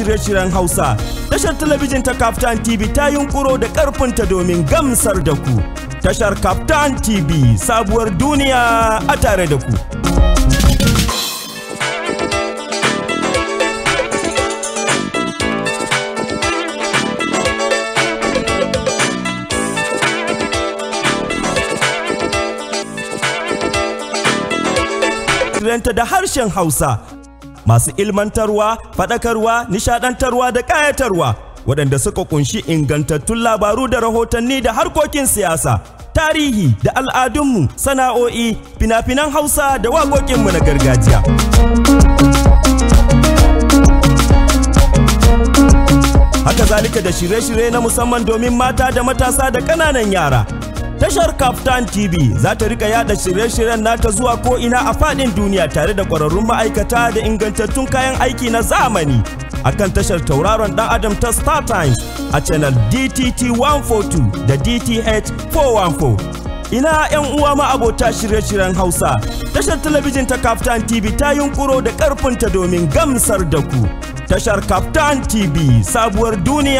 shirye-shiryen Hausa, tashar talabijin ta Kaftan TV ta yunkuro da ƙarfinta domin gamsar da ku. Tashar Kaftan TV sabuwar duniya a tare da ku. da harshen Hausa masu ilmantarwa faɗakarwa nishaɗantarwa da ƙayatarwa waɗanda suka kunshi ingantattun labaru da rahotanni da harkokin siyasa tarihi da al'adunmu sana'o'i fina-finan hausa da waƙoƙinmu na gargajiya haka zalika da shirye-shirye na musamman domin mata da matasa da ƙananan yara Tashar Kaftan TV za ta rika yada shirye-shiryen nata zuwa ko ina a faɗin duniya tare da ƙwararrun ma'aikata da ingantattun kayan aiki na zamani. Akan tashar tauraron ɗan Adam ta Star Times a channel DTT 142 da DTH 414. ina 'yan uwa ma abota shirye-shiryen Hausa. Tashar talabijin ta Kaftan TV ta yunkuro da ƙarfinta domin gamsar da ku. Tashar Kaftan TV sabuwar duniya.